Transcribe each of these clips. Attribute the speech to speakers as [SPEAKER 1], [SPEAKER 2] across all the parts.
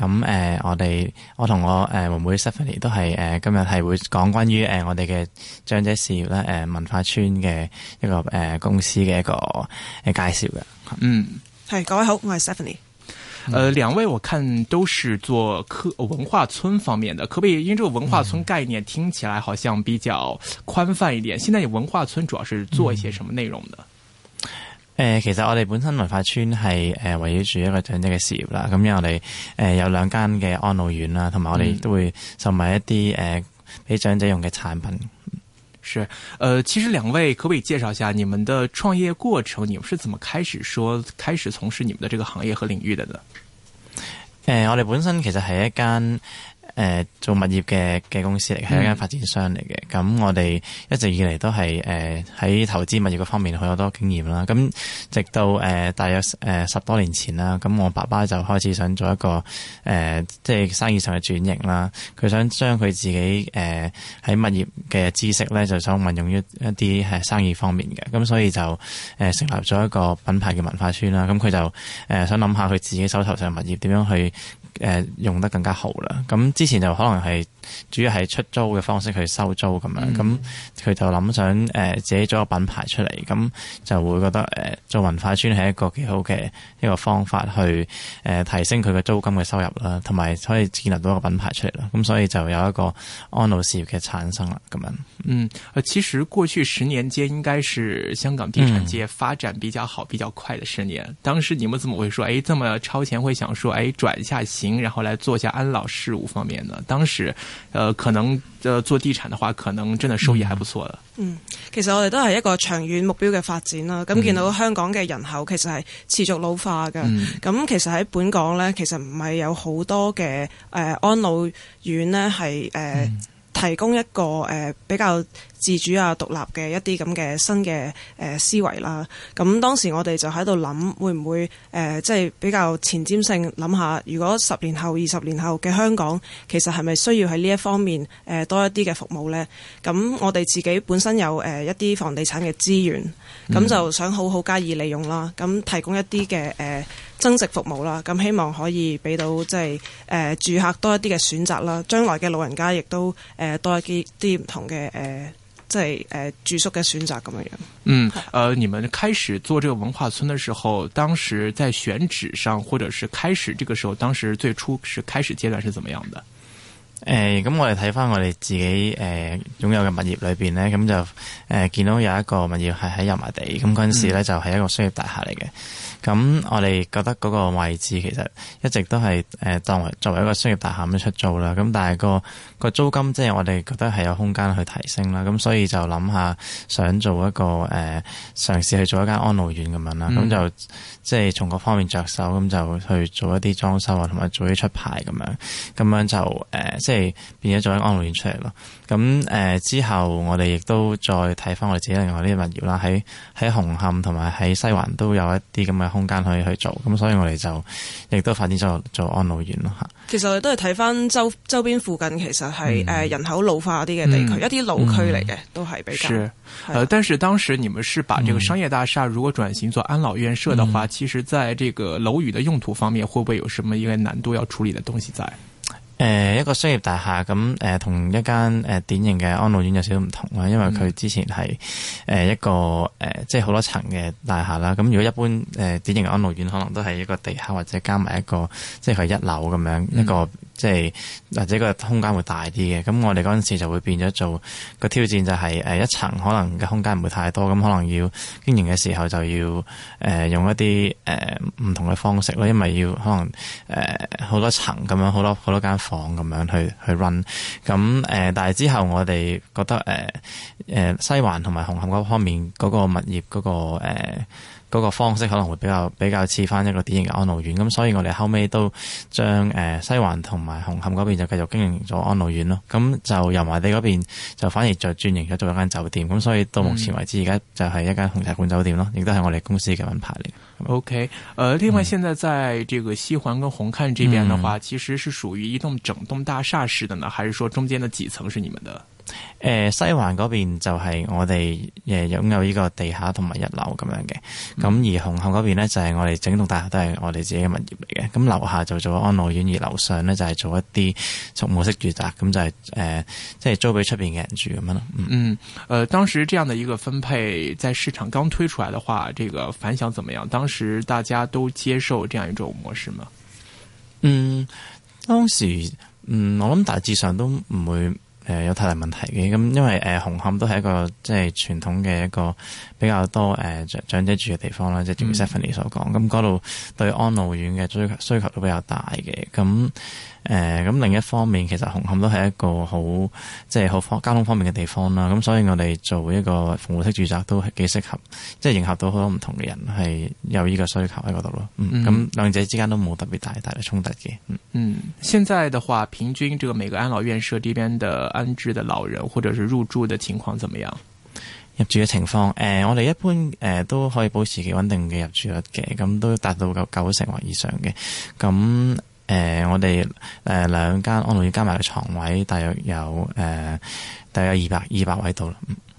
[SPEAKER 1] 咁誒、嗯呃、我哋我同我誒妹妹 Stephanie 都係誒、呃、今日係會講關於誒、呃、我哋嘅長者事業咧誒文化村嘅一個誒、呃、公司嘅一個誒、呃、介紹嘅。嗯，
[SPEAKER 2] 係各位好，我係 Stephanie。
[SPEAKER 3] 誒、嗯呃，兩位我看都是做科文化村方面的，可不可以？因為這個文化村概念聽起來好像比較寬泛一點，嗯、現在文化村主要是做一些什麼內容的？嗯
[SPEAKER 1] 誒、呃，其實我哋本身文化村係誒圍繞住一個長者嘅事業啦，咁樣我哋誒、呃、有兩間嘅安老院啦，同埋我哋都會售賣一啲誒俾長者用嘅產品。
[SPEAKER 3] 是、嗯，誒，其實兩位可唔可以介紹一下你們的創業過程？你們是怎麼開始說開始從事你們的這個行業和領域的呢？
[SPEAKER 1] 誒、呃，我哋本身其實係一間。誒、呃，做物業嘅嘅公司嚟，係一間發展商嚟嘅。咁、嗯、我哋一直以嚟都係誒喺投資物業嘅方面好有多經驗啦。咁直到誒、呃、大約誒、呃、十多年前啦，咁我爸爸就開始想做一個誒、呃、即係生意上嘅轉型啦。佢想將佢自己誒喺、呃、物業嘅知識咧，就想運用於一啲係生意方面嘅。咁所以就誒、呃、成立咗一個品牌嘅文化村啦。咁佢就誒、呃、想諗下佢自己手頭上的物業點樣去。誒用得更加好啦，咁之前就可能係。主要係出租嘅方式去收租咁樣，咁佢、嗯嗯、就諗想誒、呃、自己做個品牌出嚟，咁、嗯、就會覺得誒、呃、做文化村係一個幾好嘅一個方法去誒、呃、提升佢嘅租金嘅收入啦，同埋可以建立到一個品牌出嚟啦，咁、嗯、所以就有一個安老事業嘅產生啦咁樣。
[SPEAKER 3] 嗯，其實過去十年間，應該是香港地產界發展比較好、比較快嘅十年。嗯、當時你們怎麼會說誒、哎、這麼超前會想說誒、哎、轉一下行，然後來做下安老事務方面呢？當時。呃，可能，呃，做地產的話，可能真的收益還不錯的。嗯，
[SPEAKER 2] 其實我哋都係一個長遠目標嘅發展啦。咁見到香港嘅人口其實係持續老化嘅。咁、嗯、其實喺本港呢，其實唔係有好多嘅，誒、呃，安老院呢，係，誒、呃，嗯、提供一個，誒、呃，比較。自主啊、獨立嘅一啲咁嘅新嘅思維啦，咁當時我哋就喺度諗，會唔會即係比較前瞻性諗下，如果十年後、二十年後嘅香港，其實係咪需要喺呢一方面、呃、多一啲嘅服務呢？咁我哋自己本身有一啲房地產嘅資源，咁、嗯、就想好好加以利用啦，咁提供一啲嘅、呃、增值服務啦，咁希望可以俾到即係、即係呃、住客多一啲嘅選擇啦，將來嘅老人家亦都誒多一啲啲唔同嘅誒。呃即係誒住宿嘅選擇咁樣樣。
[SPEAKER 4] 嗯，
[SPEAKER 3] 誒是、呃，你們開始做這個文化村的時候，當時在選址上，或者是開始這個時候，當時最初是開始階段是怎麼樣的？
[SPEAKER 1] 誒、嗯，咁我哋睇返我哋自己誒擁有嘅物業裏邊咧，咁就誒見到有一個物業係喺油麻地，咁嗰陣時咧就係一個商業大廈嚟嘅。咁我哋覺得嗰個位置其實一直都係誒當為作為一個商業大廈咁出租啦，咁但係，個個租金即係我哋覺得係有空間去提升啦，咁所以就諗下想做一個誒、呃、嘗試去做一間安老院咁樣啦，咁、嗯、就即係、就是、從各方面着手，咁就去做一啲裝修啊，同埋做啲出牌咁樣，咁樣就誒即係變咗做一間安老院出嚟咯。咁誒、呃、之後，我哋亦都再睇翻我哋自己另外啲物業啦，喺喺紅磡同埋喺西環都有一啲咁嘅空間可以去做，咁所以我哋就亦都發展咗做做安老院咯嚇。
[SPEAKER 2] 其實我哋都係睇翻周周邊附近，其實係、嗯呃、人口老化啲嘅地區，嗯、一啲老區嚟嘅、嗯、都係比較。是，是的呃，
[SPEAKER 1] 但是當時你們是
[SPEAKER 3] 把這個商業大廈如果轉型做安老院舍的話，嗯、其實在這個樓宇的用途方面，會不會有什麼一個難度要處理嘅東西在？
[SPEAKER 1] 誒，一個商業大廈咁誒，同、呃、一間誒、呃、典型嘅安老院有少少唔同啦，因為佢之前係誒、呃、一個誒、呃，即係好多層嘅大廈啦。咁如果一般誒、呃、典型嘅安老院，可能都係一個地下或者加埋一個，即係佢一樓咁樣、嗯、一個。即係或者個空間會大啲嘅，咁我哋嗰陣時就會變咗做、個挑戰、就係，就係一層可能嘅空間唔會太多，咁可能要經營嘅時候就要誒、呃、用一啲誒唔同嘅方式咯，因為要可能誒好、呃、多層咁樣，好多好多間房咁樣去去 run，咁誒、呃、但係之後我哋覺得誒、呃、西環同埋紅磡嗰方面嗰個物業嗰、嗰個、呃嗰個方式可能會比較比較似翻一個典型嘅安老院，咁所以我哋後尾都將誒、呃、西環同埋紅磡嗰邊就繼續經營咗安老院咯，咁就油麻地嗰邊就反而就轉型咗做一間酒店，咁所以到目前為止而家就係一間紅茶館酒店咯，亦都係我哋公司嘅品牌嚟。
[SPEAKER 3] OK，呃，另外現在在這個西環跟紅磡這邊的話，嗯、其實是屬於一棟整棟大廈式的呢，還是說中間的幾層是你們的？
[SPEAKER 1] 誒、呃，西環嗰邊就係我哋誒擁有呢個地下同埋一樓咁樣嘅，咁、嗯、而紅磡嗰邊咧就係、是、我哋整棟大廈都係我哋自己嘅物業嚟嘅，咁樓下就做安老院，而樓上呢就係做一啲服務式住宅，咁就係誒即係租俾出邊嘅人住咁樣咯。嗯，誒、嗯
[SPEAKER 3] 呃，當時這樣的一個分配在市場剛推出來的話，這個反響怎麼樣？當時大家都接受這樣一種模式嗎？嗯，
[SPEAKER 1] 當時嗯，我諗大致上都唔會。誒、呃、有太大問題嘅，咁因為誒、呃、紅磡都係一個即係傳統嘅一個比較多誒、呃、長長者住嘅地方啦，即係正如 Stephanie 所講，咁嗰度對安老院嘅需求需求都比較大嘅。咁誒咁另一方面，其實紅磡都係一個好即係好方交通方面嘅地方啦。咁所以我哋做一個服務式住宅都係幾適合，即、就、係、是、迎合到好多唔同嘅人係有呢個需求喺嗰度咯。嗯，咁、嗯、兩者之間都冇特別大大嘅衝突嘅。嗯，嗯，
[SPEAKER 3] 現在嘅話，平均這個每個安老院舍呢邊的安置的老人或者是入住的情況怎麼樣？
[SPEAKER 1] 入住嘅情況、呃，我哋一般、呃、都可以保持幾穩定嘅入住率嘅，咁都達到九九成或以上嘅。咁、呃、我哋兩間安老院加埋嘅床位，大約有、呃、大約二百二百位到啦。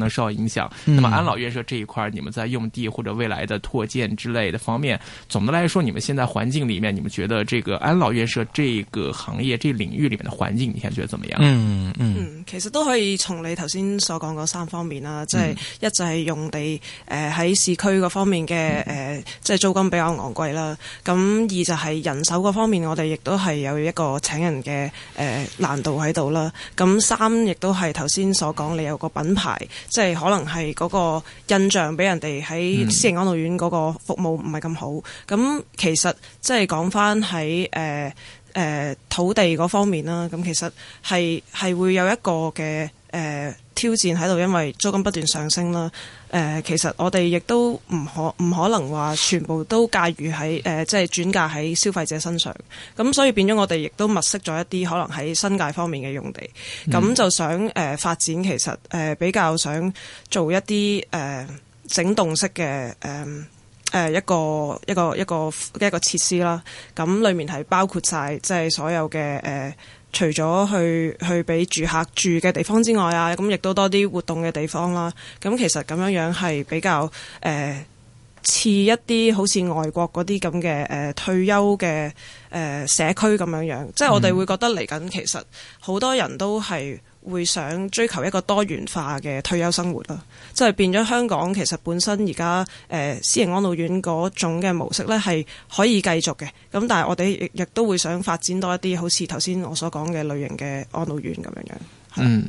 [SPEAKER 3] 能受到影響。嗯、那麼安老院舍這一塊，你們在用地或者未來的拓建之類的方面，總的來說，你們現在環境裏面，你們覺得這個安老院舍這個行業這個、領域裏面的環境，你現在覺得怎麼樣？嗯嗯，
[SPEAKER 2] 嗯，其實都可以從你頭先所講嗰三方面啦，即、就、係、是、一就係用地，誒、呃、喺市區嗰方面嘅，誒即係租金比較昂貴啦。咁二就係人手嗰方面，我哋亦都係有一個請人嘅誒、呃、難度喺度啦。咁三亦都係頭先所講，你有個品牌。即係可能係嗰個印象俾人哋喺私營安老院嗰個服務唔係咁好，咁其實即係講返喺誒誒土地嗰方面啦，咁其實係係會有一個嘅誒。呃挑戰喺度，因為租金不斷上升啦。誒、呃，其實我哋亦都唔可唔可能話全部都駕馭喺誒，即、呃、係、就是、轉嫁喺消費者身上。咁所以變咗，我哋亦都物色咗一啲可能喺新界方面嘅用地。
[SPEAKER 5] 咁就
[SPEAKER 2] 想誒、呃、發展，其實誒、呃、比較想做一啲誒、呃、整棟式嘅誒誒一個一個一個一個,一個設施啦。咁裡面係包括晒，即、就、係、是、所有嘅誒。呃除咗去去俾住客住嘅地方之外啊，咁亦都多啲活動嘅地方啦。咁其實咁樣樣係比較誒似、呃、一啲好似外國嗰啲咁嘅誒退休嘅誒、呃、社區咁樣樣，即係、嗯、我哋會覺得嚟緊，其實好多人都係。會想追求一個多元化嘅退休生活啦，即係變咗香港其實本身而家誒私營安老院嗰種嘅模式咧，係可以繼續嘅。咁但係我哋亦亦都會想發展多一啲好似頭先我所講嘅類型嘅安老院咁樣樣。嗯。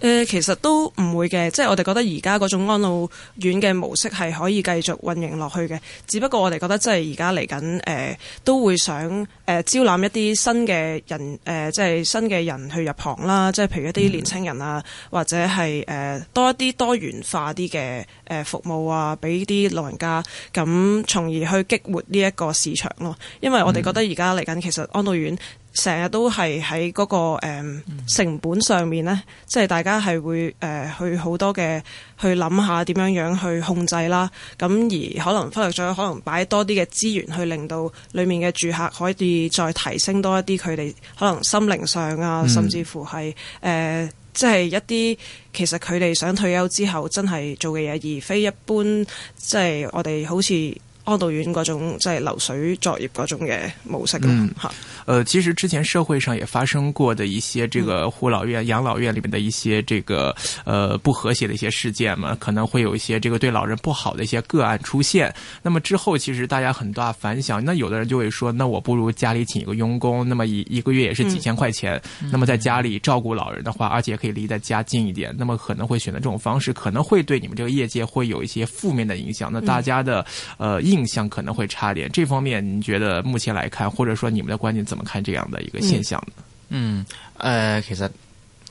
[SPEAKER 2] 誒、呃、其實都唔會嘅，即係我哋覺得而家嗰種安老院嘅模式係可以繼續運營落去嘅。只不過我哋覺得即係而家嚟緊誒都會想誒、呃、招攬一啲新嘅人誒、呃，即係新嘅人去入行啦。即係譬如一啲年輕人啊，嗯、或者係誒、呃、多一啲多元化啲嘅誒服務啊，俾啲老人家，咁從而去激活呢一個市場咯。因為我哋覺得而家嚟緊其實安老院。成日都係喺嗰個成本上面呢、嗯、即係大家係會誒、呃、去好多嘅去諗下點樣樣去控制啦。咁而可能忽略咗，可能擺多啲嘅資源去令到裏面嘅住客可以再提升多一啲佢哋可能心靈上啊，嗯、甚至乎係誒、呃、即係一啲其實佢哋想退休之後真係做嘅嘢，而非一般即係、就是、我哋好似。幫導員嗰種即係、就是、流水作業嗰種嘅模式的嗯，吓，
[SPEAKER 3] 呃，其實之前社會上也發生過的一些這個護老院、養老院裏面的一些這個，呃不和諧的一些事件嘛，可能會有一些這個對老人不好的一些個案出現。那麼之後其實大家很大反響，那有的人就會說，那我不如家裏請一個傭工，那麼一一個月也是幾千塊錢，嗯、那麼在家裏照顧老人的話，而且也可以離得家近一點，那麼可能會選擇這種方式，可能會對你們這個業界會有一些負面的影響。那大家的，嗯、呃應印象可能會差啲，這方面你覺得目前來看，或者說你們的觀念怎麼看這樣的一個現象嗯，誒、嗯
[SPEAKER 1] 呃，其實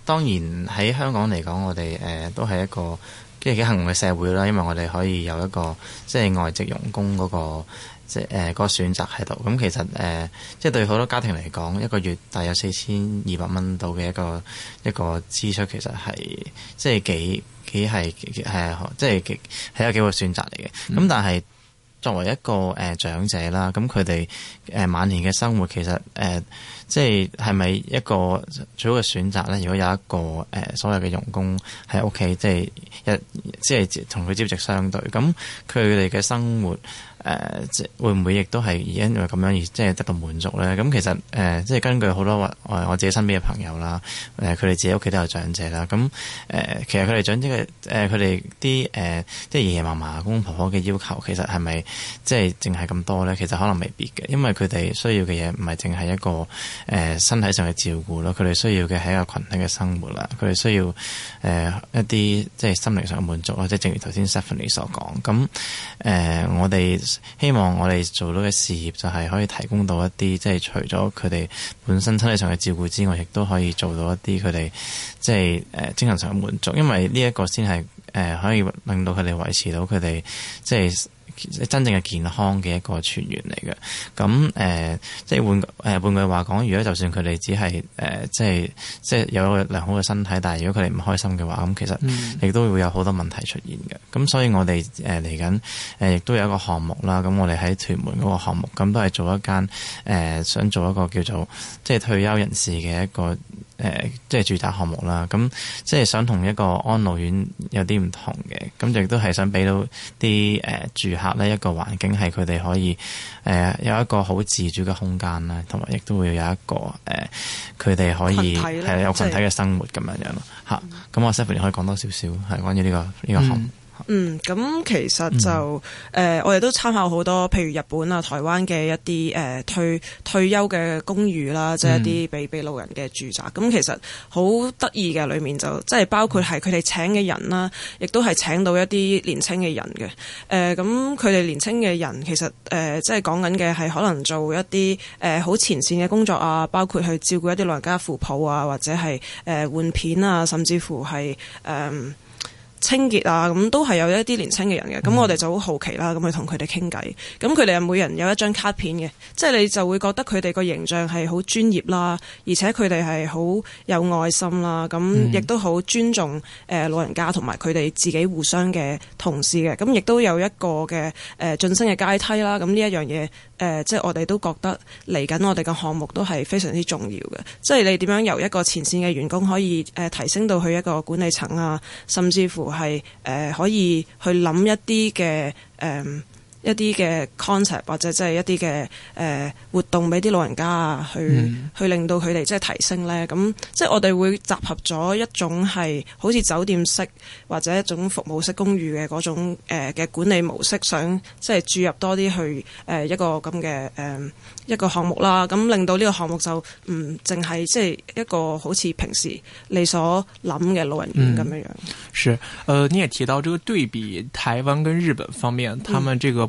[SPEAKER 1] 當然喺香港嚟講，我哋誒、呃、都係一個即係幾幸嘅社會啦，因為我哋可以有一個即係外籍傭工嗰、那個即誒、呃那個選擇喺度。咁其實誒、呃、即係對好多家庭嚟講，一個月大約四千二百蚊到嘅一個一個支出，其實係即係幾幾係係即係幾係有幾個選擇嚟嘅。咁、嗯、但係。作為一個誒長者啦，咁佢哋誒晚年嘅生活其實即係係咪一個最好嘅選擇咧？如果有一個誒、呃、所謂嘅傭工喺屋企，即係一即係同佢朝夕相對，咁佢哋嘅生活誒、呃、會唔會亦都係因為咁樣而即係得到滿足咧？咁其實誒、呃、即係根據好多我，我自己身邊嘅朋友啦，佢、呃、哋自己屋企都有長者啦，咁、啊、其實佢哋長者嘅誒佢哋啲誒即係爺爺嫲嫲、公公、婆婆嘅要求，其實係咪即係淨係咁多咧？其實可能未必嘅，因為佢哋需要嘅嘢唔係淨係一個。誒身體上嘅照顧咯，佢哋需要嘅係一個群體嘅生活啦，佢哋需要誒一啲即係心理上嘅滿足啦，即係正如頭先 Stephanie 所講，咁誒我哋希望我哋做到嘅事業就係可以提供到一啲即係除咗佢哋本身身體上嘅照顧之外，亦都可以做到一啲佢哋即係誒精神上嘅滿足，因為呢一個先係誒可以令到佢哋維持到佢哋即係。就是真正嘅健康嘅一個泉源嚟嘅，咁誒，即係換句話講，如果就算佢哋只係誒、呃，即係即係有個良好嘅身體，但係如果佢哋唔開心嘅話，咁其實亦都會有好多問題出現嘅。咁、嗯、所以我哋誒嚟緊誒亦都有一個項目啦。咁我哋喺屯門嗰個項目，咁都係做一間、呃、想做一個叫做即係退休人士嘅一個。誒、呃，即係住宅項目啦，咁即係想同一個安老院有啲唔同嘅，咁就亦都係想俾到啲誒、呃、住客呢一個環境，係佢哋可以誒、呃、有一個好自主嘅空間啦，同埋亦都會有一個誒佢哋可以係有群體嘅生活咁的樣樣咯。嚇、咁、嗯、我 Stephany 可以講多少少係關於呢、呢個呢、呢個項目。嗯
[SPEAKER 2] 嗯，咁其實就誒、嗯呃，我哋都參考好多，譬如日本啊、台灣嘅一啲誒、呃、退退休嘅公寓啦，即、就、係、是、一啲俾俾老人嘅住宅。咁、嗯嗯、其實好得意嘅裏面就即係包括係佢哋請嘅人啦，亦都係請到一啲年青嘅人嘅。誒咁佢哋年青嘅人其實誒、呃、即係講緊嘅係可能做一啲誒好前線嘅工作啊，包括去照顧一啲老人家嘅扶抱啊，或者係誒、呃、換片啊，甚至乎係誒，呃清潔啊，咁都係有一啲年青嘅人嘅，咁、嗯、我哋就好好奇啦，咁去同佢哋傾偈，咁佢哋係每人有一張卡片嘅，即係你就會覺得佢哋個形象係好專業啦，而且佢哋係好有愛心啦，咁亦、嗯、都好尊重誒老人家同埋佢哋自己互相嘅同事嘅，咁亦都有一個嘅誒晉升嘅階梯啦，咁呢一樣嘢。誒，即係、呃就是、我哋都覺得嚟緊，我哋嘅項目都係非常之重要嘅。即、就、係、是、你點樣由一個前線嘅員工可以、呃、提升到去一個管理層啊，甚至乎係誒、呃、可以去諗一啲嘅一啲嘅 concept 或者即係一啲嘅誒活動俾啲老人家啊，去、嗯、去令到佢哋即係提升咧。咁即係我哋會集合咗一種係好似酒店式或者一種服務式公寓嘅種誒嘅、呃、管理模式，想即係、就是、注入多啲去誒、呃、一個咁嘅誒一個項目啦。咁令到呢個項目就唔淨係即係一個好似平時你所諗嘅老人院咁樣樣，
[SPEAKER 3] 是，誒、呃，你也提到這個對比台灣跟日本方面，他們這個、嗯。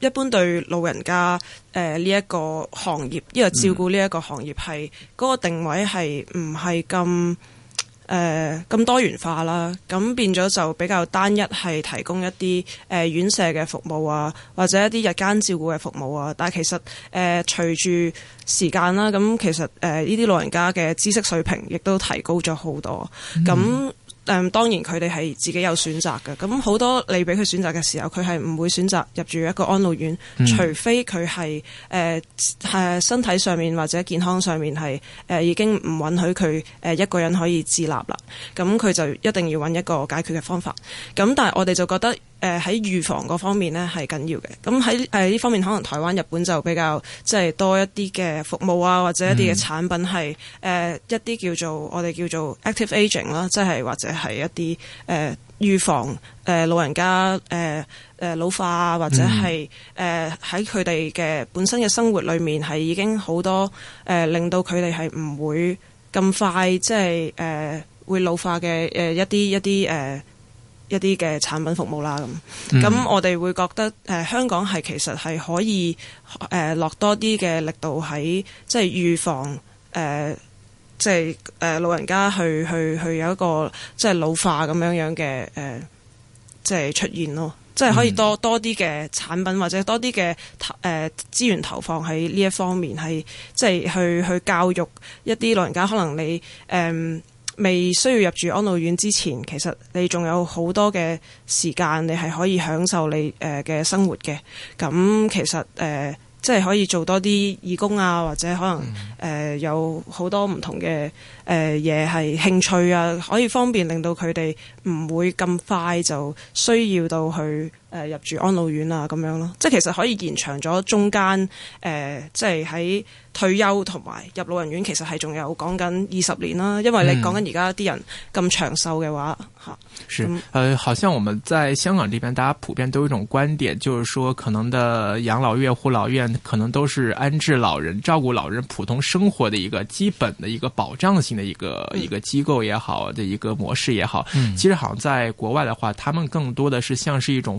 [SPEAKER 2] 一般對老人家誒呢一個行業，呢、呢個照顧呢一個行業係嗰、嗯、個定位係唔係咁誒咁多元化啦？咁變咗就比較單一，係提供一啲誒、呃、院舍嘅服務啊，或者一啲日間照顧嘅服務啊。但係其實誒、呃、隨住時間啦，咁其實誒呢啲老人家嘅知識水平亦都提高咗好多，咁、嗯。誒當然佢哋係自己有選擇嘅，咁好多你俾佢選擇嘅時候，佢係唔會選擇入住一個安老院，嗯、除非佢係誒身體上面或者健康上面係、呃、已經唔允許佢一個人可以自立啦。咁佢就一定要揾一個解決嘅方法。咁但係我哋就覺得誒喺預防嗰方面呢係緊要嘅。咁喺呢方面可能台灣、日本就比較即係、就是、多一啲嘅服務啊，或者一啲嘅產品係誒、嗯呃、一啲叫做我哋叫做 active aging 啦，即係或者。係一啲誒預防誒、呃、老人家誒誒、呃呃、老化，或者係誒喺佢哋嘅本身嘅生活裏面，係已經好多誒、呃、令到佢哋係唔會咁快，即係誒、呃、會老化嘅誒、呃、一啲、呃、一啲誒一啲嘅產品服務啦。咁咁、嗯、我哋會覺得誒、呃、香港係其實係可以誒、呃、落多啲嘅力度喺即係預防誒。呃即係誒、呃、老人家去去去有一個即係老化咁樣樣嘅誒，即係出現咯，即係可以多多啲嘅產品或者多啲嘅誒資源投放喺呢一方面，係即係去去教育一啲老人家，可能你誒、呃、未需要入住安老院之前，其實你仲有好多嘅時間，你係可以享受你誒嘅生活嘅。咁其實誒、呃即係可以做多啲義工啊，或者可能誒、嗯嗯呃、有好多唔同嘅誒嘢係興趣啊，可以方便令到佢哋唔會咁快就需要到去。呃、入住安老院啊，咁樣咯，即係其實可以延長咗中間誒、呃，即係喺退休同埋入老人院，其實係仲有講緊二十年啦。因為你講緊而家啲人咁長壽嘅話，嚇、嗯。嗯、
[SPEAKER 3] 是，誒、呃，好像我們在香港呢邊，大家普遍都有一種觀點，就是說，可能的養老院、護老院，可能都是安置老人、照顧老人普通生活的一個基本的一個保障性的一個、嗯、一個機構也好的一個模式也好。嗯、其實好像在國外的話，他們更多的是像是一種。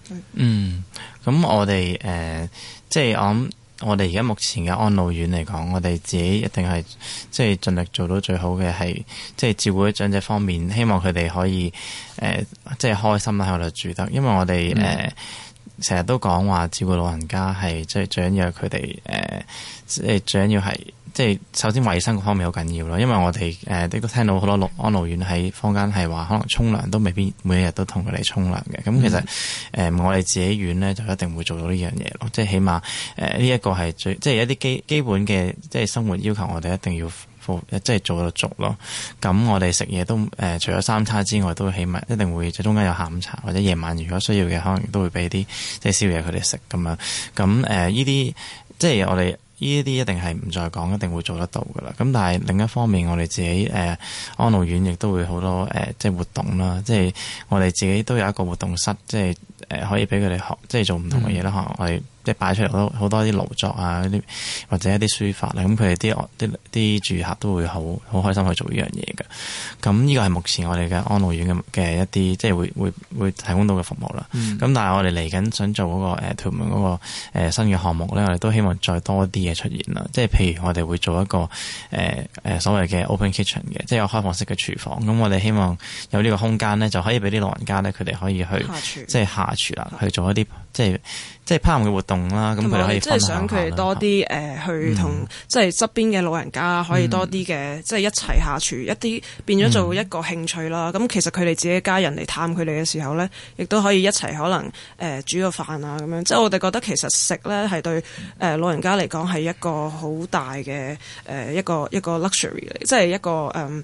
[SPEAKER 1] 嗯，咁我哋誒，即係我諗，我哋而家目前嘅安老院嚟講，我哋自己一定係即係盡力做到最好嘅，係即係照顧喺長者方面，希望佢哋可以誒，即係開心喺我度住得，因為我哋誒。嗯呃成日都講話照顧老人家係即係最緊要係佢哋誒，即、呃、係最緊要係即係首先衞生嗰方面好緊要咯，因為我哋誒都聽到好多安老院喺坊間係話，可能沖涼都未必每一日都同佢哋沖涼嘅。咁、嗯、其實誒、呃、我哋自己院咧就一定會做到呢樣嘢咯，即係起碼誒呢一個係最即係一啲基基本嘅即係生活要求，我哋一定要。即係做得足咯，咁我哋食嘢都誒、呃，除咗三餐之外，都起碼一定會即中間有下午茶，或者夜晚如果需要嘅，可能都會俾啲即係宵夜佢哋食咁樣。咁誒呢啲即係我哋呢一啲一定係唔再講，一定會做得到噶啦。咁但係另一方面，我哋自己誒、呃、安老院亦都會好多誒、呃，即係活動啦，即係我哋自己都有一個活動室，即係誒、呃、可以俾佢哋學，即係做唔同嘅嘢啦。嗯、可能我哋。即係擺出嚟好多好多啲勞作啊，嗰啲或者一啲書法，咁佢哋啲啲啲住客都會好好開心去做呢樣嘢嘅。咁呢個係目前我哋嘅安老院嘅嘅一啲即係會會會提供到嘅服務啦。咁、嗯、但係我哋嚟緊想做嗰、那個誒屯、呃、門嗰、那個、呃、新嘅項目咧，我哋都希望再多啲嘢出現啦。即係譬如我哋會做一個誒、呃、所謂嘅 open kitchen 嘅，即係有開放式嘅廚房。咁我哋希望有呢個空間咧，就可以俾啲老人家咧，佢哋可以去即係下廚啦，去做一啲。即係即係 part 嘅活動啦，咁佢可以即係想佢
[SPEAKER 2] 哋多啲誒、呃、去同、嗯、即係側邊嘅老人家可以多啲嘅，即係、嗯、一齊下廚一啲變咗做一個興趣啦。咁、嗯、其實佢哋自己家人嚟探佢哋嘅時候咧，亦都可以一齊可能誒、呃、煮個飯啊咁樣。即係我哋覺得其實食咧係對誒老人家嚟講係一個好大嘅誒、呃、一個一個 luxury 嚟，即係一個誒。嗯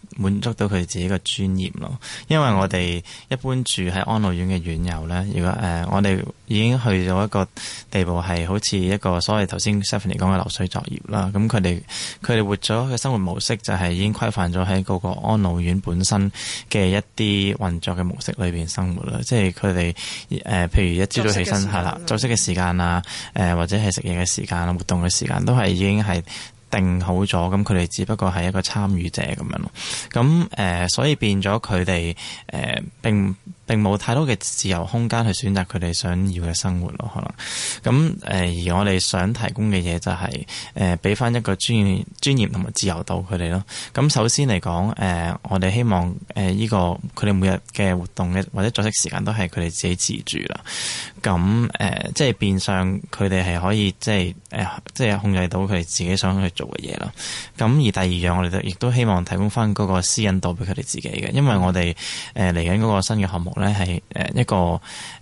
[SPEAKER 1] 滿足到佢自己嘅尊嚴咯，因為我哋一般住喺安老院嘅院友呢，如果誒、呃、我哋已經去咗一個地步係好似一個所謂頭先 Stephen 講嘅流水作業啦，咁佢哋佢哋活咗嘅生活模式就係已經規範咗喺嗰個安老院本身嘅一啲運作嘅模式裏邊生活啦，即係佢哋誒譬如一朝早起身係啦，作息嘅時間啊，誒的、呃、或者係食嘢嘅時間啊，活動嘅時間都係已經係。定好咗，咁佢哋只不過係一個參與者咁樣咯，咁誒、呃，所以變咗佢哋誒並並冇太多嘅自由空間去選擇佢哋想要嘅生活咯，可能咁誒、呃，而我哋想提供嘅嘢就係、係、誒，俾、呃、翻一個專業、專業同埋自由度佢哋咯。咁首先嚟講，誒、呃，我哋希望誒呢、呃這個佢哋每日嘅活動嘅或者作息時間都係佢哋自己自主啦。咁誒、呃，即係變相佢哋係可以即係誒，即係、呃、控制到佢哋自己想去做嘅嘢咯。咁而第二樣我哋都亦都希望提供翻嗰個私隱度俾佢哋自己嘅，因為我哋誒嚟緊嗰個新嘅項目。呢係誒一個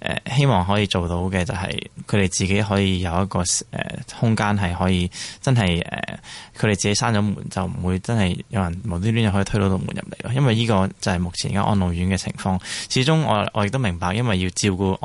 [SPEAKER 1] 誒希望可以做到嘅就係佢哋自己可以有一個誒空間係可以真係誒佢哋自己閂咗門就唔會真係有人無端端就可以推到到門入嚟咯，因為呢個就係目前而家嘅安老院嘅情況。始終我我亦都明白，因為要照顧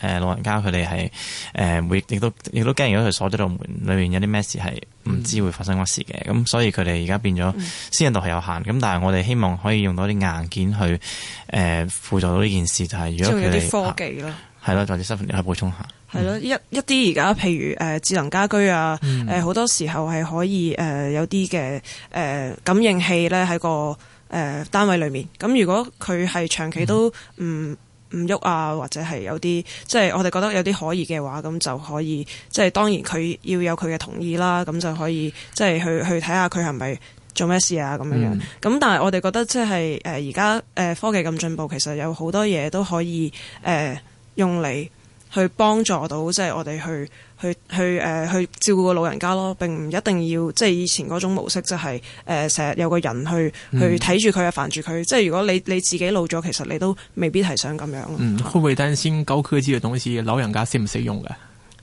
[SPEAKER 1] 安誒老人家，佢哋係誒會亦都亦都驚，如果佢鎖咗道門，裏面有啲咩事係。唔知會發生乜事嘅，咁、嗯、所以佢哋而家變咗私隱度係有限，咁、嗯、但係我哋希望可以用到啲硬件去誒、呃、輔助到呢件事，就係如果有啲科
[SPEAKER 2] 技咯，
[SPEAKER 1] 係咯，再者新分你去以補充下，
[SPEAKER 2] 係咯、嗯，一一啲而家譬如誒、呃、智能家居啊，誒、呃、好多時候係可以誒、呃、有啲嘅誒感應器咧喺、個誒、呃、單位裏面，咁如果佢係長期都唔嗯嗯唔喐啊，或者係有啲即係我哋覺得有啲可疑嘅話，咁就可以即係當然佢要有佢嘅同意啦，咁就可以即係去去睇下佢係咪做咩事啊咁樣、嗯、樣。咁但係我哋覺得即係誒而家誒科技咁進步，其實有好多嘢都可以誒、呃、用嚟去幫助到即係我哋去。去去誒、呃、去照顧個老人家咯，並唔一定要即係以前嗰種模式、就是，就係誒成日有個人去去睇住佢啊，煩住佢。即係如果你你自己老咗，其實你都未必係想咁樣咯。嗯，會唔
[SPEAKER 3] 會擔心高科技嘅東西老人家適唔適用嘅？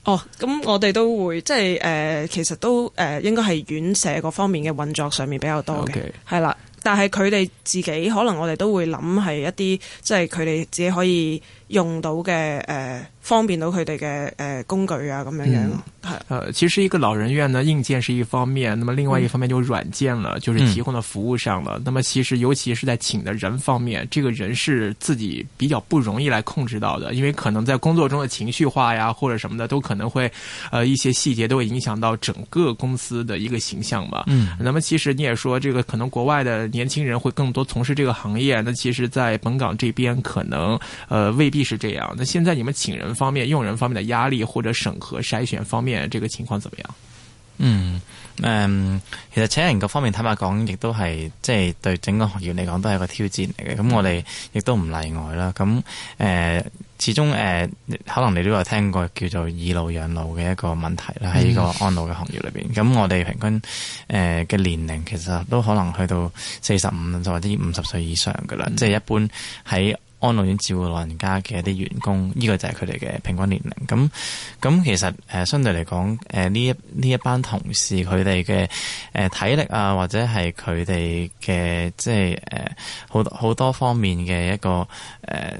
[SPEAKER 2] 哦，咁我哋都會即係誒、呃，其實都誒、呃、應該係院舍各方面嘅運作上面比較多嘅，係啦 Okay.。但係佢哋自己可能我哋都會諗係一啲即係佢哋自己可以。用到的呃方便到佢哋嘅呃工具啊咁樣樣。
[SPEAKER 3] 係、嗯。呃，其實一個老人院呢，硬件是一方面，那麼另外一方面就軟件了，嗯、就是提供的服務上了。嗯、那麼其實尤其是在請的人方面，這個人是自己比較不容易來控制到的，因為可能在工作中的情緒化呀或者什麼的都可能會呃一些細節都會影響到整個公司的一個形象嘛。嗯。那麼其實你也說這個可能國外的年輕人會更多從事這個行業，那其實在本港這邊可能，呃未必。是這樣，那現在你們請人方面、用人方面的壓力或者審核篩選方面，這個情況怎麼樣？
[SPEAKER 1] 嗯嗯，其實請人各方面，坦白講，亦都係即係對整個行業嚟講都係一個挑戰嚟嘅。咁我哋亦都唔例外啦。咁誒、呃，始終誒、呃，可能你都有聽過叫做以老養老嘅一個問題啦。喺呢個安老嘅行業裏邊，咁、嗯、我哋平均誒嘅、呃、年齡其實都可能去到四十五，就或者五十歲以上噶啦。即、就、係、是、一般喺。安老院照顧老人家嘅一啲員工，呢、這個就係佢哋嘅平均年齡。咁咁其實誒、呃，相對嚟講，誒、呃、呢一呢一班同事佢哋嘅誒體力啊，或者係佢哋嘅即係誒好多好多方面嘅一個誒。呃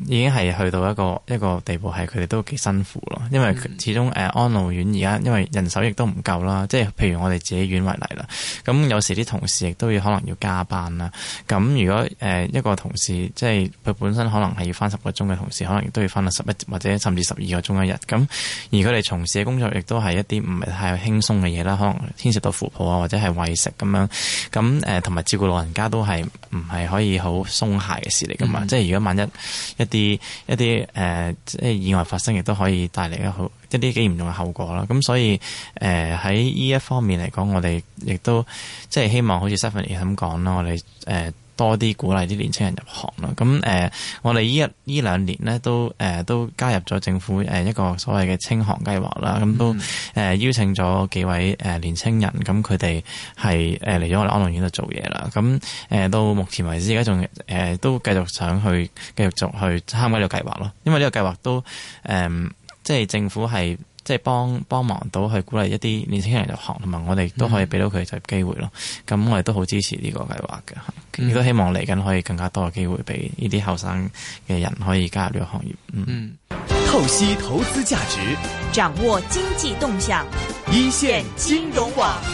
[SPEAKER 1] 已經係去到一個一個地步，係佢哋都幾辛苦咯。因為始終誒安老院而家因為人手亦都唔夠啦，即係譬如我哋自己院為例啦。咁有時啲同事亦都要可能要加班啦。咁如果誒一個同事即係佢本身可能係要翻十個鐘嘅同事，可能亦都要翻到十一或者甚至十二個鐘一日。咁而佢哋從事嘅工作亦都係一啲唔係太輕鬆嘅嘢啦，可能牽涉到扶抱啊或者係餵食咁樣。咁誒同埋照顧老人家都係唔係可以好鬆懈嘅事嚟噶嘛？嗯、即係如果萬一。一啲一啲誒，即係意外發生，亦都可以帶嚟一好一啲幾嚴重嘅後果啦。咁所以誒，喺呢一方面嚟講，我哋亦都即係希望好似 seven 咁講咯，我哋誒。呃多啲鼓勵啲年青人入行啦，咁誒、呃，我哋呢一呢兩年咧都誒、呃、都加入咗政府誒一個所謂嘅清航計劃啦，咁都誒、嗯呃、邀請咗幾位、呃、年青人，咁佢哋係嚟咗我哋安樂院度做嘢啦，咁誒、呃、到目前為止而家仲誒都繼續想去繼續繼續去參加呢個計劃咯，因為呢個計劃都誒、呃、即係政府係。即係幫幫忙到去鼓勵一啲年輕人入行，同埋我哋都可以俾到佢就業機會咯。咁、嗯、我哋都好支持呢個計劃嘅。亦都、嗯、希望嚟緊可以更加多嘅機會俾呢啲後生嘅人可以加入呢個行業。嗯。
[SPEAKER 4] 嗯，透析投資價值，掌握經濟動向，一線金融網。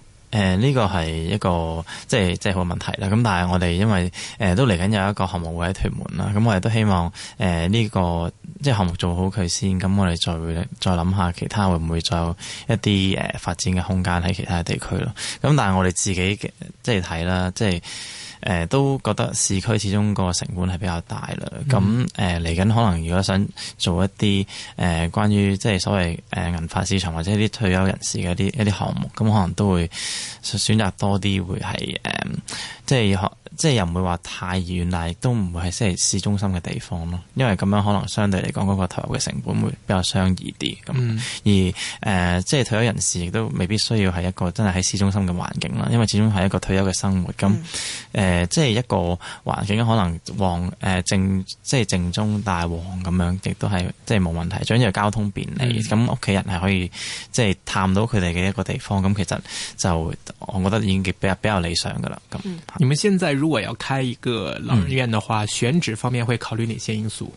[SPEAKER 1] 誒，呢個係一個即係即係好問題啦。咁但係我哋因為誒都嚟緊有一個項目會喺屯門啦。咁我哋都希望誒呢個即係項目做好佢先。咁我哋再會再諗下其他會唔會再有一啲誒發展嘅空間喺其他地區咯。咁但係我哋自己嘅即係睇啦，即係。誒，都覺得市區始終個成本係比較大啦，咁誒嚟緊可能如果想做一啲誒、呃、關於即係所謂誒銀發市場或者一啲退休人士嘅一啲一啲項目，咁可能都會選擇多啲會係誒即係。呃就是即係又唔會話太遠，但係都唔會係即係市中心嘅地方咯，因為咁樣可能相對嚟講嗰個投入嘅成本會比較相宜啲。咁、嗯、而誒、呃，即係退休人士亦都未必需要係一個真係喺市中心嘅環境啦，因為始終係一個退休嘅生活。咁誒、嗯呃，即係一個環境可能旺誒、呃、正即係正中大旺咁樣，亦都係即係冇問題。總之要交通便利，咁屋企人係可以即係探到佢哋嘅一個地方。咁其實就我覺得已經比較比較理想噶啦。咁，你們、嗯嗯、現在
[SPEAKER 3] 如果我要開一個老人院嘅話，嗯、選址方面會考慮哪些因素？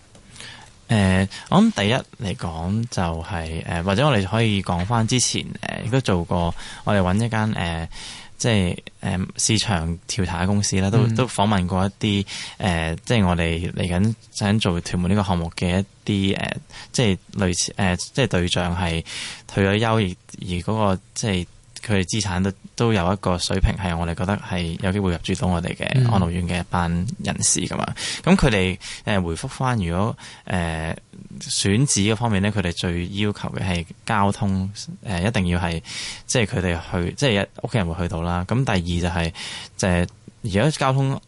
[SPEAKER 1] 誒、呃，我諗第一嚟講就係、是、誒、呃，或者我哋可以講翻之前誒，都、呃、做過，我哋搵一間誒、呃，即係誒、呃、市場調查嘅公司啦，都都訪問過一啲誒、呃，即係我哋嚟緊想做屯門呢個項目嘅一啲誒、呃，即係類似誒、呃，即係對象係退咗休而而嗰、那個即係。佢哋資產都都有一個水平，係我哋覺得係有機會入住到我哋嘅安老院嘅一班人士㗎嘛。咁佢哋誒回覆返，如果誒、呃、選址嘅方面咧，佢哋最要求嘅係交通誒、呃，一定要係即係佢哋去，即係屋企人會去到啦。咁第二就係即係如果交通。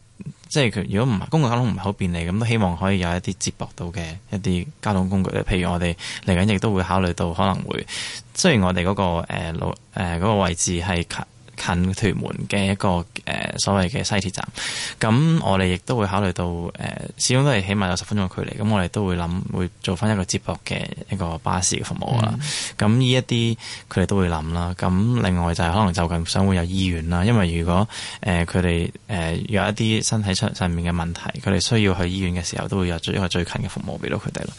[SPEAKER 1] 即係佢，如果唔係公共交通唔係好便利咁，咁都希望可以有一啲接駁到嘅一啲交通工具，譬如我哋嚟緊亦都會考慮到可能會，雖然我哋嗰、嗰個呃呃嗰個位置係近屯門嘅一個誒、呃、所謂嘅西鐵站，咁我哋亦都會考慮到誒、呃、始終都係起碼有十分鐘嘅距離，咁我哋都會諗會做翻一個接駁嘅一個巴士嘅服務啦。咁呢一啲佢哋都會諗啦。咁另外就係可能就近想會有醫院啦，因為如果誒佢哋誒有一啲身體上面嘅問題，佢哋需要去醫院嘅時候，都會有最一個最近嘅服務俾到佢哋咯。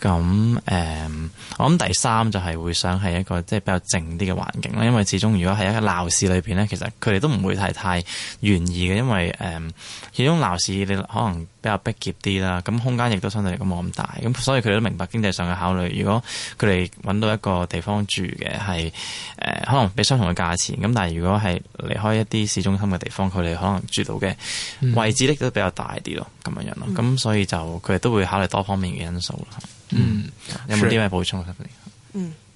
[SPEAKER 1] 咁誒、嗯呃、我諗第三就係會想係一個即係比較靜啲嘅環境啦，因為始終如果係一個鬧市。裏邊咧其實佢哋都唔會太太願意嘅，因為誒，始終鬧市你可能比較逼夾啲啦，咁空間亦都相對嚟講冇咁大，咁所以佢哋都明白經濟上嘅考慮。如果佢哋揾到一個地方住嘅，係、呃、誒，可能畀相同嘅價錢，咁但係如果係離開一啲市中心嘅地方，佢哋可能住到嘅位置咧都比較大啲咯，咁樣樣咯。咁、嗯、所以就佢哋都會考慮多方面嘅因素咯。嗯，有冇啲咩補充？嗯。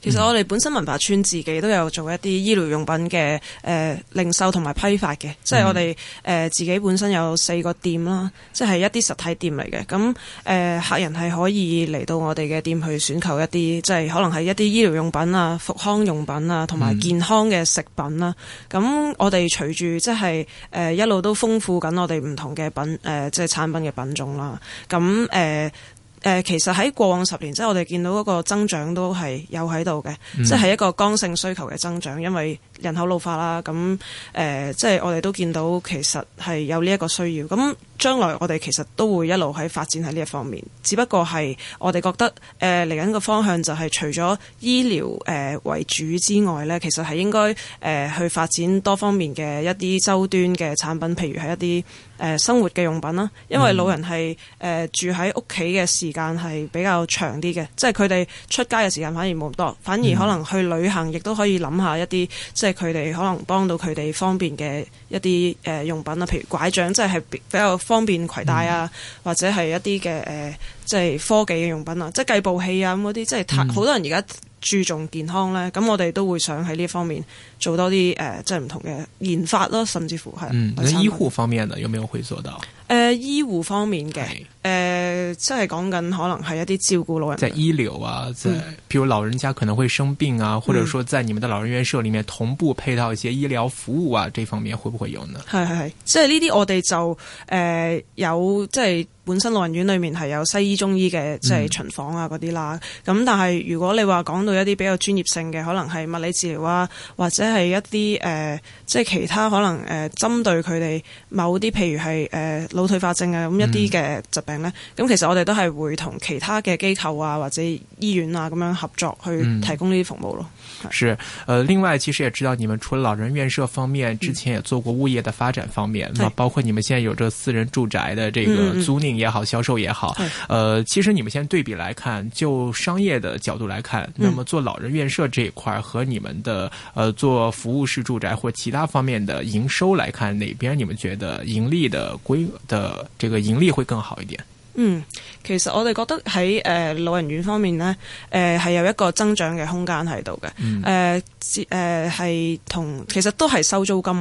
[SPEAKER 2] 其實我哋本身文化村自己都有做一啲醫療用品嘅，誒、呃、零售同埋批發嘅，即係我哋誒、呃、自己本身有四個店啦，即係一啲實體店嚟嘅。咁誒、呃、客人係可以嚟到我哋嘅店去選購一啲，即係可能係一啲醫療用品啊、復康用品啊，同埋健康嘅食品啦、啊。咁、嗯、我哋隨住即係誒、呃、一路都豐富緊我哋唔同嘅品誒、呃、即係產品嘅品種啦。咁誒。呃誒、呃、其實喺過往十年，即係我哋見到嗰個增長都係有喺度嘅。嗯、即係一個剛性需求嘅增長，因為人口老化啦，咁誒、呃、即係我哋都見到其實係有呢一個需要咁。那將來我哋其實都會一路喺發展喺呢一方面，只不過係我哋覺得誒嚟緊個方向就係除咗醫療誒、呃、為主之外呢，其實係應該誒、呃、去發展多方面嘅一啲周端嘅產品，譬如係一啲誒、呃、生活嘅用品啦。因為老人係誒、呃、住喺屋企嘅時間係比較長啲嘅，即係佢哋出街嘅時間反而冇咁多，反而可能去旅行亦都可以諗下一啲即係佢哋可能幫到佢哋方便嘅一啲誒、呃、用品啊，譬如拐杖，即係係比較。方便攜帶啊，嗯、或者係一啲嘅誒，即係科技嘅用品啊，即係計步器啊咁嗰啲，即係好多人而家注重健康咧，咁我哋都會想喺呢一方面。做多啲、呃、即係唔同嘅研發咯，甚至乎係嗯，或者醫護
[SPEAKER 3] 方面咧，有冇有會做到？
[SPEAKER 2] 誒、呃，醫護方面嘅誒是、呃，即係講緊可能係一啲照顧老人。在
[SPEAKER 3] 醫療啊，在、嗯、譬如老人家可能會生病啊，或者說在你們的老人院舍裏面同步配套一些醫療服務啊，嗯、這方面會不會有呢？
[SPEAKER 2] 係，係，係，即係呢啲我哋就誒、呃、有，即係本身老人院裏面係有西醫中醫嘅，即係巡房啊嗰啲啦。咁、嗯、但係如果你話講到一啲比較專業性嘅，可能係物理治療啊，或者即係一啲誒、呃，即係其他可能誒，針、呃、對佢哋某啲，譬如係誒腦退化症啊咁一啲嘅疾病咧。咁、嗯、其實我哋都係會同其他嘅機構啊，或者醫院啊咁樣合作，去提供呢啲服務咯。嗯、
[SPEAKER 3] 是、呃，另外其實也知道，你們除了老人院舍方面，之前也做過物業的發展方面，嗯、包括你們現在有這私人住宅的這個租賃也好、銷、嗯嗯、售也好。嗯、其實你們現在對比來看，就商業的角度來看，那麼做老人院舍這一塊和你們的、呃、做。做服務式住宅或其他方面的營收來看，哪邊你們覺得盈利的規的這個盈利會更好一點？
[SPEAKER 2] 嗯，其實我哋覺得喺誒、呃、老人院方面呢，誒、呃、係有一個增長嘅空間喺度嘅。誒、嗯，誒係、呃呃、同其實都係收租金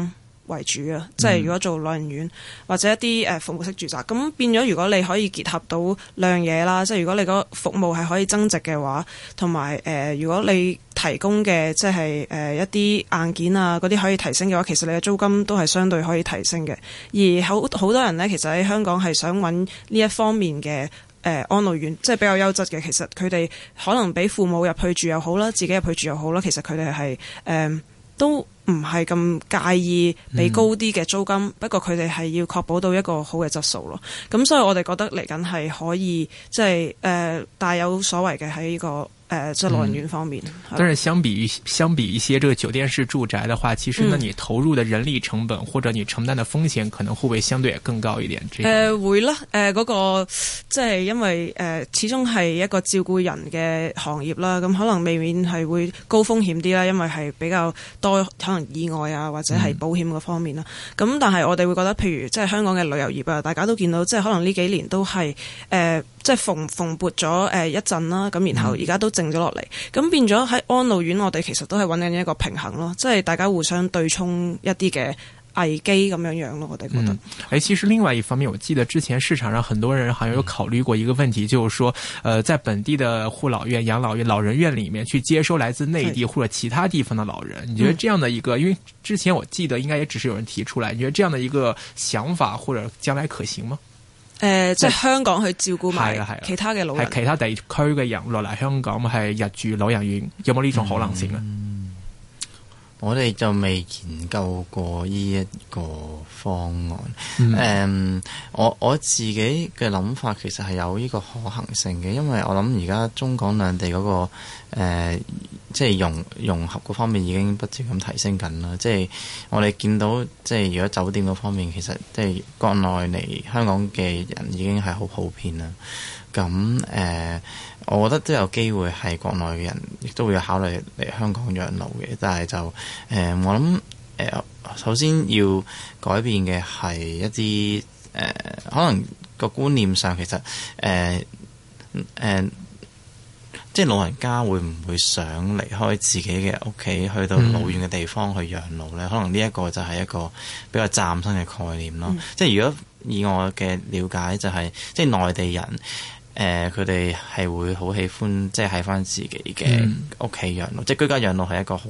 [SPEAKER 2] 為主啊。嗯、即係如果做老人院或者一啲誒、呃、服務式住宅，咁變咗如果你可以結合到兩樣嘢啦，即係如果你個服務係可以增值嘅話，同埋誒如果你。提供嘅即係誒、呃、一啲硬件啊，嗰啲可以提升嘅話，其實你嘅租金都係相對可以提升嘅。而好好多人咧，其實喺香港係想揾呢一方面嘅誒、呃、安老院，即係比較優質嘅。其實佢哋可能俾父母入去住又好啦，自己入去住又好啦。其實佢哋係誒都唔係咁介意俾高啲嘅租金，嗯、不過佢哋係要確保到一個好嘅質素咯。咁所以我哋覺得嚟緊係可以即係誒大有所為嘅喺呢個。誒，即係老人院方面。嗯嗯、但是
[SPEAKER 3] 相比相比一些這個酒店式住宅的話，其實呢、嗯、你投入的人力成本或者你承擔的風險，可能會,不會相對更高一點。誒、呃，
[SPEAKER 2] 會啦。誒、呃，嗰、那個即係因為誒、呃，始終係一個照顧人嘅行業啦。咁可能未免係會高風險啲啦，因為係比較多可能意外啊，或者係保險嘅方面啦。咁、嗯、但係我哋會覺得，譬如即係香港嘅旅遊業啊，大家都見到即係可能呢幾年都係誒。呃即係蓬蓬勃咗誒、呃、一陣啦，咁然後而家都靜咗落嚟，咁、嗯、變咗喺安老院，我哋其實都係揾緊一個平衡咯，即係大家互相對沖一啲嘅危機咁樣樣咯，我哋覺
[SPEAKER 3] 得、嗯哎。其實另外一方面，我記得之前市場上很多人好像有考慮過一個問題，嗯、就是說，呃在本地的護老院、養老院、老人院裏面去接收來自內地或者其他地方的老人，是你覺得這樣的一個，因為之前我記得應該也只是有人提出來，你覺得這樣的一個想法或者將來可行嗎？誒，即係、呃就是、香港去照顧埋其他嘅老人，嗯、其他地區嘅人落嚟香港係入住老人院，有冇呢種可能性
[SPEAKER 1] 咧、嗯。我哋就未研究過呢一個方案。嗯 um, 我我自己嘅諗法其實係有呢個可行性嘅，因為我諗而家中港兩地嗰個，誒，即係融融合嗰方面已經不斷咁提升緊啦。即係我哋見到，即係如果酒店嗰方面，其實即係國內嚟香港嘅人已經係好普遍啦。咁我覺得都有機會係國內嘅人，亦都會有考慮嚟香港養老嘅。但係就誒、呃，我諗、呃、首先要改變嘅係一啲誒、呃，可能個觀念上其實誒誒，呃呃、即係老人家會唔會想離開自己嘅屋企，去到老遠嘅地方去養老咧？Mm. 可能呢一個就係一個比較嶄新嘅概念咯。Mm. 即係如果以我嘅了解、就係，就係即係內地人。誒，佢哋係會好喜歡，即係喺返自己嘅屋企養老，嗯、即係居家養老係一個好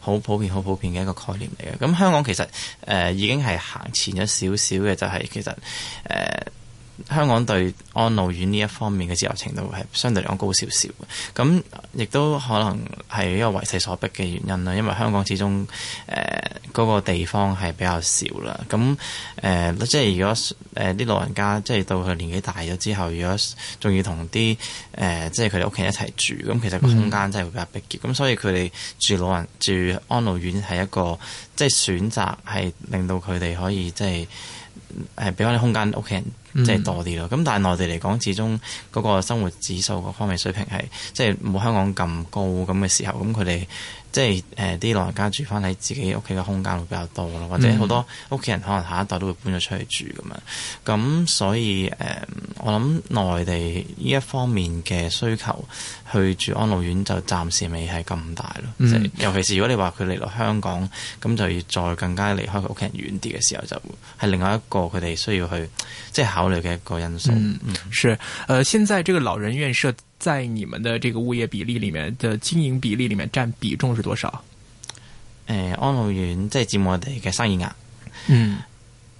[SPEAKER 1] 好普遍、好普遍嘅一個概念嚟嘅。咁香港其實誒、呃、已經係行前咗少少嘅，就係、是、其實誒。呃香港對安老院呢一方面嘅自由程度係相對嚟講高少少嘅，咁亦都可能係一個為勢所逼嘅原因啦。因為香港始終誒嗰個地方係比較少啦，咁誒、呃、即係如果誒啲、呃、老人家即係到佢年紀大咗之後，如果仲要同啲誒即係佢哋屋企人一齊住，咁其實個空間真係會比較逼結，咁、嗯、所以佢哋住老人住安老院係一個即係選擇，係令到佢哋可以即係係俾翻啲空間屋企人。即係多啲咯，咁但係內地嚟講，始終嗰個生活指數嗰方面水平係即係冇香港咁高咁嘅時候，咁佢哋。即係誒啲老人家住翻喺自己屋企嘅空間會比較多咯，或者好多屋企人可能下一代都會搬咗出去住咁啊。咁、嗯、所以誒、呃，我諗內地呢一方面嘅需求去住安老院就暫時未係咁大咯。即係、嗯就是、尤其是如果你話佢嚟到香港，咁就要再更加離開佢屋企人遠啲嘅時候，就係另外一個佢哋需要去即係、就是、考慮嘅一個因素。嗯嗯，嗯是。誒、呃，現在這個老人院舍在你們的這個物業比例裏面的經營比例裏面佔比重是多少？呃、安老院即係佔我哋嘅生意啊。嗯。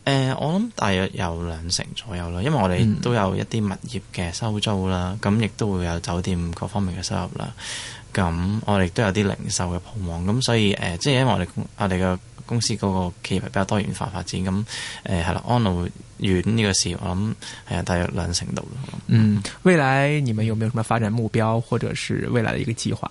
[SPEAKER 1] 呃、我諗大約有兩成左右啦，因為我哋都有一啲物業嘅收租啦，咁亦都會有酒店各方面嘅收入啦。咁我哋都有啲零售嘅鋪王，咁所以誒、呃，即係因為我哋我哋嘅。公司嗰個企業比較多元化發展咁，誒係啦，安老院呢個事我諗係啊，大約兩成度。嗯，
[SPEAKER 3] 未來你們有沒有什麼發展目標，或者是未來的一個計劃？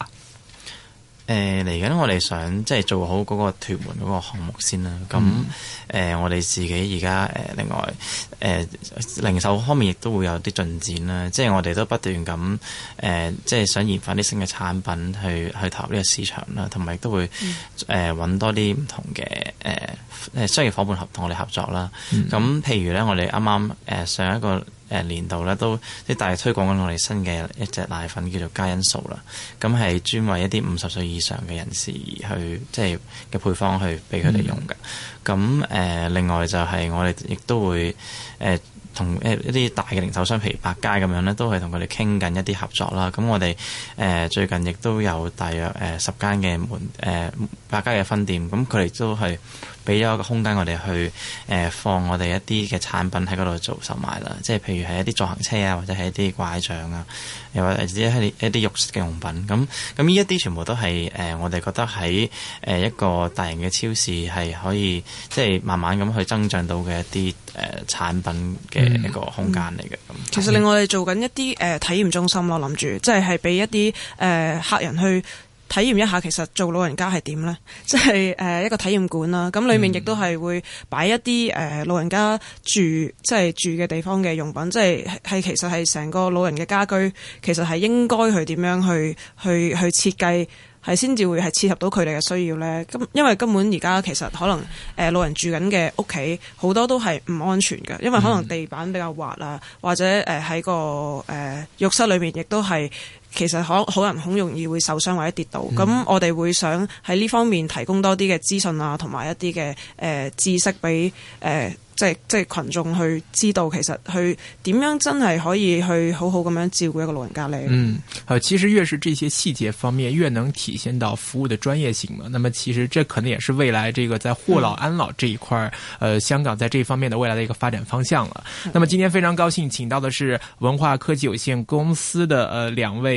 [SPEAKER 1] 誒嚟緊，呃、我哋想即係做好嗰個屯門嗰個項目先啦。咁誒、嗯呃，我哋自己而家誒，另外誒、呃，零售方面亦都會有啲進展啦。即係我哋都不斷咁誒、呃，即係想研發啲新嘅產品去去投入呢個市場啦，嗯呃、同埋都會誒搵多啲唔同嘅誒商業伙伴合同我哋合作啦。咁、嗯、譬如咧，我哋啱啱上一個。誒年度咧都即大力推廣緊我哋新嘅一隻奶粉叫做佳因素啦，咁係專為一啲五十歲以上嘅人士去即係嘅配方去俾佢哋用嘅。咁誒、嗯呃，另外就係我哋亦都會、呃同誒一啲大嘅零售商，譬如百佳咁樣咧，都係同佢哋傾緊一啲合作啦。咁我哋誒、呃、最近亦都有大約誒十、呃、間嘅門誒百佳嘅分店，咁佢哋都係俾咗一個空間我哋去誒、呃、放我哋一啲嘅產品喺嗰度做售賣啦。即係譬如係一啲助行車啊，或者係一啲拐杖啊，又或者係一啲肉浴室嘅用品。咁咁呢一啲全部都係誒、呃、我哋覺得喺誒一個大型嘅超市係可以即係慢慢咁去增長到嘅一啲誒、呃、產品嘅。一個空間嚟嘅，其實令我
[SPEAKER 2] 哋做緊一啲誒、呃、體驗中心，我諗住即係係俾一啲誒、呃、客人去體驗一下，其實做老人家係點呢？即係誒一個體驗館啦，咁裏面亦都係會擺一啲誒、呃、老人家住即係、就是、住嘅地方嘅用品，即係係其實係成個老人嘅家居，其實係應該去點樣去去去設計。係先至會係切合到佢哋嘅需要咧，咁因為根本而家其實可能誒、呃、老人住緊嘅屋企好多都係唔安全嘅，因為可能地板比較滑啊，嗯、或者誒喺、呃、個誒、呃、浴室裏面亦都係。其實可能好容易會受傷或者跌倒，咁我哋會想喺呢方面提供多啲嘅資訊啊，同埋一啲嘅、呃、知識俾誒、呃、即係即係群眾去知道，其實去點樣真係可以去好好咁樣照顧一個老人家咧。
[SPEAKER 3] 嗯、呃，其實越是這些細節方面，越能體現到服務的專業性嘛。那麼其實這可能也是未來這個在護老安老這一塊，嗯、呃，香港在這方面的未來的一個發展方向了，那麼今天非常高興請到的是文化科技有限公司的呃兩位。